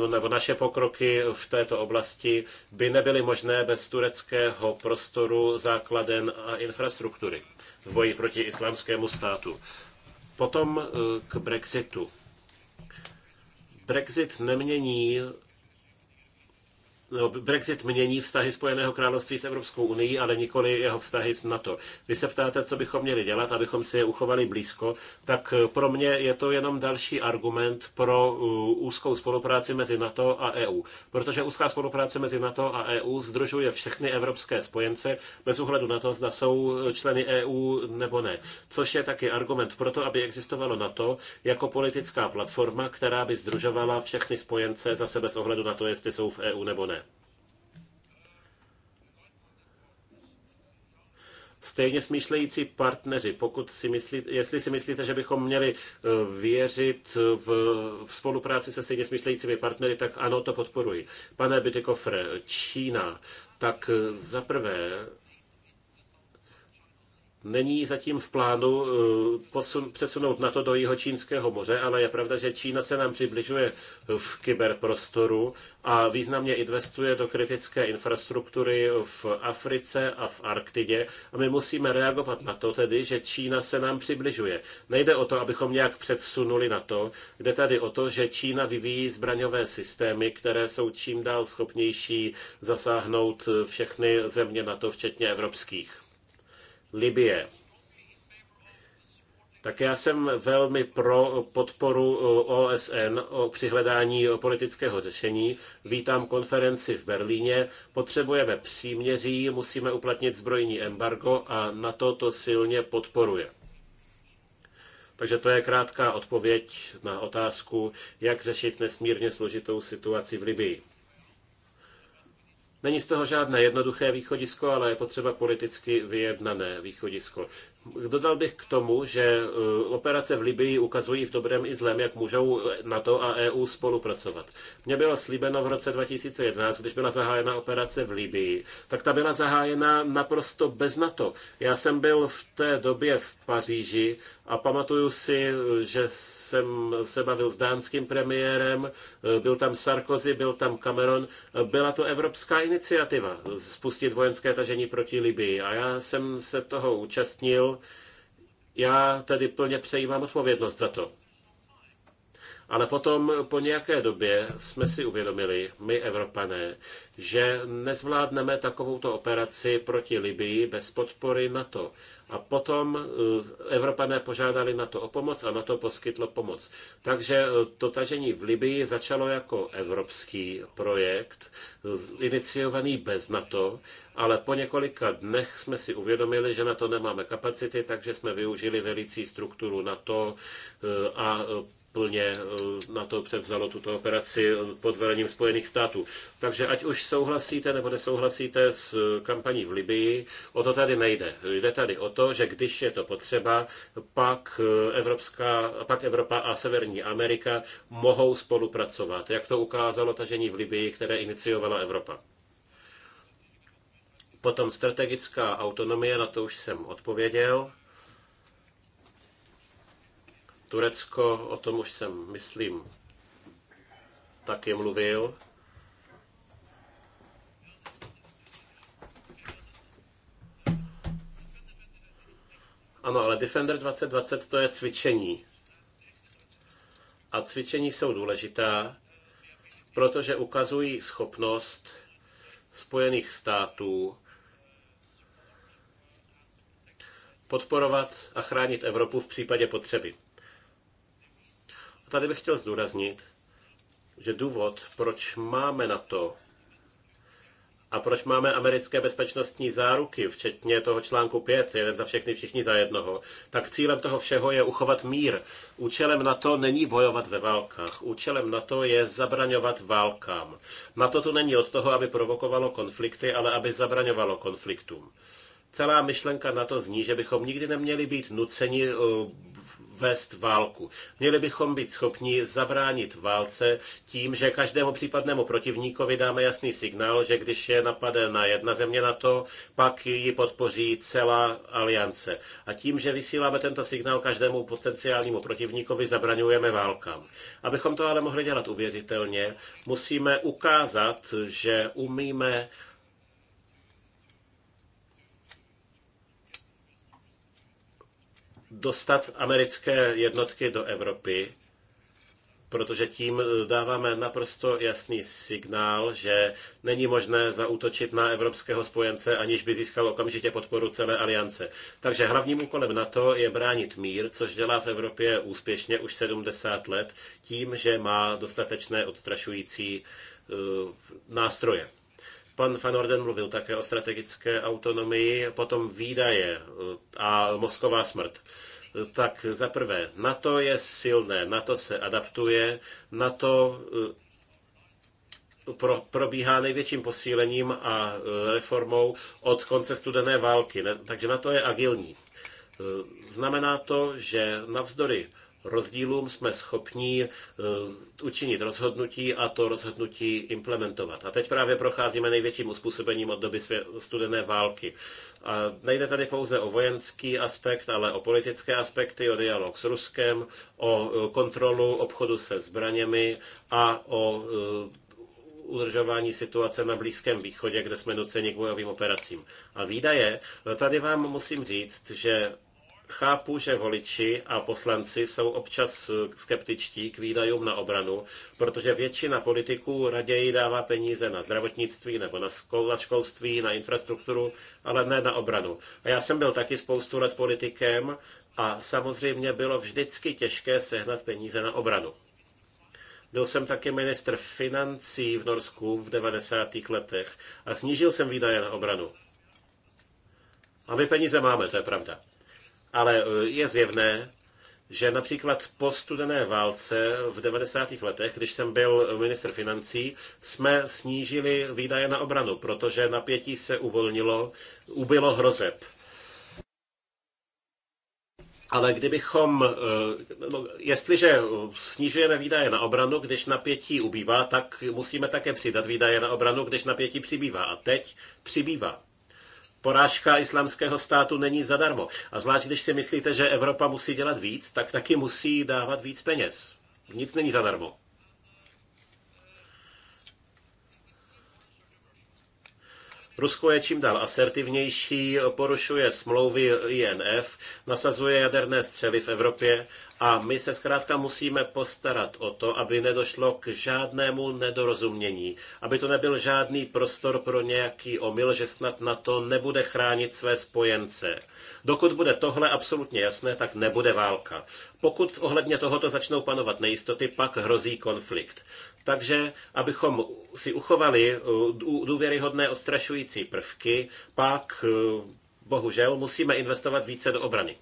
e, nebo naše pokroky v této oblasti by nebyly možné bez tureckého prostoru základen a infrastruktury v boji proti islámskému státu. Potom e, k Brexitu. Brexit nemění nebo Brexit mění vztahy Spojeného království s Evropskou unii, ale nikoli jeho vztahy s NATO. Vy se ptáte, co bychom měli dělat, abychom si je uchovali blízko, tak eh, pro mě je to jenom další argument pro eh, úzkou spolupráci mezi NATO a EU. Protože úzká spolupráce mezi NATO a EU združuje všechny evropské spojence bez ohledu na to, zda jsou eh, členy EU nebo ne. Což je taky argument pro to, aby existovalo NATO jako politická platforma, která by združovala všechny spojence zase bez ohledu na to, jestli jsou v EU nebo ne. stejně smýšlející partneři, pokud si myslíte, jestli si myslíte, že bychom měli eh, věřit v spolupráci se stejně smýšlejícími partnery, tak ano, to podporuji. Pane Bitykofre, Čína, tak eh, zaprvé Není zatím v plánu eh, posun, přesunout na to do Jihočínského moře, ale je pravda, že Čína se nám přibližuje v kyberprostoru a významně investuje do kritické infrastruktury v Africe a v Arktidě. A my musíme reagovat na to tedy, že Čína se nám přibližuje. Nejde o to, abychom nějak předsunuli na to, jde tady o to, že Čína vyvíjí zbraňové systémy, které jsou čím dál schopnější zasáhnout eh, všechny země na to, včetně evropských. Libie. Tak já jsem velmi pro podporu OSN o přihledání politického řešení. Vítám konferenci v Berlíně. Potřebujeme příměří, musíme uplatnit zbrojní embargo a na to to silně podporuje. Takže to je krátká odpověď na otázku, jak řešit nesmírně složitou situaci v Libii. Není z toho žádné jednoduché východisko, ale je potřeba politicky vyjednané východisko. Dodal bych k tomu, že e, operace v Libii ukazují v dobrém i zlem, jak můžou NATO a EU spolupracovat. Mně bylo slíbeno v roce 2011, když byla zahájena operace v Libii, tak ta byla zahájena naprosto bez NATO. Já jsem byl v té době v Paříži a pamatuju si, že jsem se bavil s dánským premiérem, e, byl tam Sarkozy, byl tam Cameron. E, byla to evropská iniciativa spustit vojenské tažení proti Libii a já jsem se toho účastnil já tedy plně přejímám odpovědnost za to. Ale potom po nějaké době jsme si uvědomili, my Evropané, že nezvládneme takovouto operaci proti Libii bez podpory NATO. A potom eh, Evropané požádali na to o pomoc a na to poskytlo pomoc. Takže eh, to tažení v Libii začalo jako evropský projekt, eh, iniciovaný bez NATO, ale po několika dnech jsme si uvědomili, že na to nemáme kapacity, takže jsme využili velicí strukturu NATO a plně eh, na to převzalo tuto operaci eh, pod velením Spojených států. Takže ať už souhlasíte nebo nesouhlasíte s eh, kampaní v Libii, o to tady nejde. Jde tady o to, že když je to potřeba, pak, Evropská, pak Evropa a Severní Amerika mohou spolupracovat, jak to ukázalo tažení v Libii, které iniciovala Evropa. Potom strategická autonomie, na to už jsem odpověděl. Turecko, o tom už jsem, myslím, taky mluvil. Ano, ale Defender 2020 to je cvičení. A cvičení jsou důležitá, protože ukazují schopnost Spojených států podporovat a chránit Evropu v případě potřeby. Tady bych chtěl zdůraznit, že důvod, proč máme na to a proč máme americké bezpečnostní záruky, včetně toho článku 5, jeden za všechny, všichni za jednoho, tak cílem toho všeho je uchovat mír. Účelem na to není bojovat ve válkách. Účelem na to je zabraňovat válkám. Na to tu není od toho, aby provokovalo konflikty, ale aby zabraňovalo konfliktům. Celá myšlenka na to zní, že bychom nikdy neměli být nuceni eh, vést válku. Měli bychom být schopni zabránit válce tím, že každému případnému protivníkovi dáme jasný signál, že když je napadena jedna země na to, pak ji podpoří celá aliance. A tím, že vysíláme tento signál každému potenciálnímu protivníkovi, zabraňujeme válkám. Abychom to ale mohli dělat uvěřitelně, musíme ukázat, že umíme dostat americké jednotky do Evropy, protože tím eh, dáváme naprosto jasný signál, že není možné zaútočit na evropského spojence, aniž by získal okamžitě podporu celé aliance. Takže hlavním úkolem NATO je bránit mír, což dělá v Evropě úspěšně už 70 let, tím, že má dostatečné odstrašující eh, nástroje. Pan Van Orden mluvil také o strategické autonomii, potom výdaje eh, a mozková smrt. Tak za prvé, NATO je silné, NATO se adaptuje, NATO eh, pro, probíhá největším posílením a eh, reformou od konce studené války, takže na to je agilní. Znamená to, že navzdory rozdílům jsme schopni eh, učinit rozhodnutí a to rozhodnutí implementovat. A teď právě procházíme největším uspůsobením od doby studené války. A nejde tady pouze o vojenský aspekt, ale o politické aspekty, o dialog s Ruskem, o eh, kontrolu obchodu se zbraněmi a o eh, udržování situace na Blízkém východě, kde jsme nuceni k bojovým operacím. A výdaje, tady vám musím říct, že Chápu, že voliči a poslanci jsou občas eh, skeptičtí k výdajům na obranu, protože většina politiků raději dává peníze na zdravotnictví nebo na, škol, na školství, na infrastrukturu, ale ne na obranu. A já jsem byl taky spoustu let politikem a samozřejmě bylo vždycky těžké sehnat peníze na obranu. Byl jsem také ministr financí v Norsku v 90. letech a snížil jsem výdaje na obranu. A my peníze máme, to je pravda ale e, je zjevné, že například po studené válce v 90. letech, když jsem byl minister financí, jsme snížili výdaje na obranu, protože napětí se uvolnilo, ubylo hrozeb. Ale kdybychom, e, no, jestliže snižujeme výdaje na obranu, když napětí ubývá, tak musíme také přidat výdaje na obranu, když napětí přibývá. A teď přibývá. Porážka islámského státu není zadarmo. A zvlášť, když si myslíte, že Evropa musí dělat víc, tak taky musí dávat víc peněz. Nic není zadarmo. Rusko je čím dál asertivnější, porušuje smlouvy INF, nasazuje jaderné střely v Evropě a my se zkrátka musíme postarat o to, aby nedošlo k žádnému nedorozumění, aby to nebyl žádný prostor pro nějaký omyl, že snad na to nebude chránit své spojence. Dokud bude tohle absolutně jasné, tak nebude válka. Pokud ohledně tohoto začnou panovat nejistoty, pak hrozí konflikt. Takže abychom si uchovali eh, důvěryhodné odstrašující prvky, pak eh, bohužel musíme investovat více do obrany.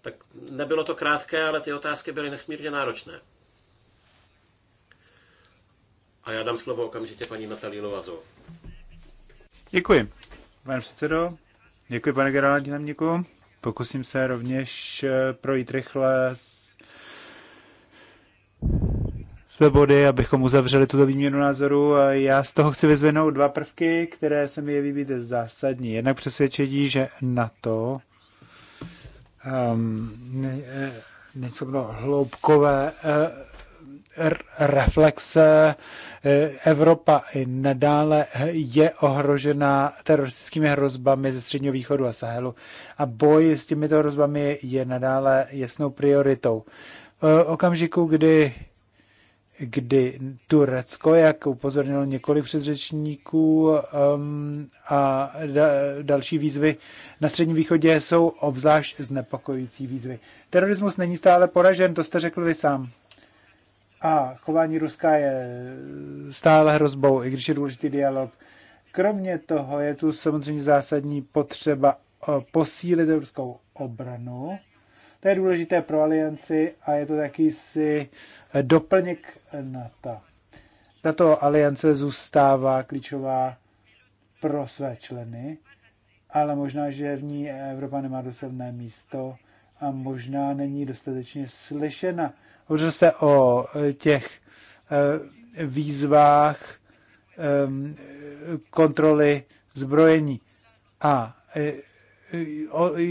Tak nebylo to krátké, ale ty otázky byly nesmírně náročné. A já dám slovo okamžitě paní Natalí Lovazo. Děkuji, pane předsedo. Děkuji, pane generální tajemníku. Pokusím se rovněž eh, projít rychle s své body, abychom uzavřeli tuto výměnu názoru. A já z toho chci vyzvinout dva prvky, které se mi jeví být zásadní. Jednak přesvědčení, že na to um, ne, eh, něco bylo hloubkové eh, reflexe eh, Evropa i nadále je ohrožena teroristickými hrozbami ze Středního východu a Sahelu a boj s těmito hrozbami je nadále jasnou prioritou. V okamžiku, kdy kdy Turecko, jak upozornilo několik předřečníků um, a da, další výzvy na Středním východě jsou obzvlášť znepokojící výzvy. Terorismus není stále poražen, to jste řekl vy sám. A chování Ruska je stále hrozbou, i když je důležitý dialog. Kromě toho je tu samozřejmě zásadní potřeba eh, posílit evropskou obranu to je důležité pro alianci a je to taky si eh, doplněk na ta. Tato aliance zůstává klíčová pro své členy, ale možná, že v ní Evropa nemá dosadné místo a možná není dostatečně slyšena. Hovořil jste o eh, těch eh, výzvách ehm, kontroly zbrojení. A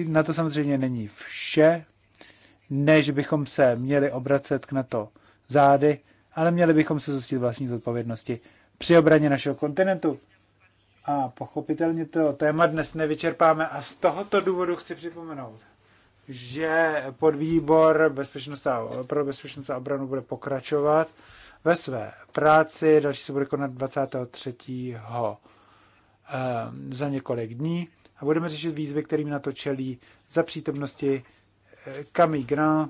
na to samozřejmě není vše než bychom se měli obracet k NATO zády, ale měli bychom se zjistit vlastní zodpovědnosti při obraně našeho kontinentu. A pochopitelně to téma dnes nevyčerpáme a z tohoto důvodu chci připomenout, že podvýbor bezpečnost a, pro bezpečnost a obranu bude pokračovat ve své práci. Další se bude konat 23. Eh, za několik dní a budeme řešit výzvy, kterým na to čelí za přítomnosti Camille Grand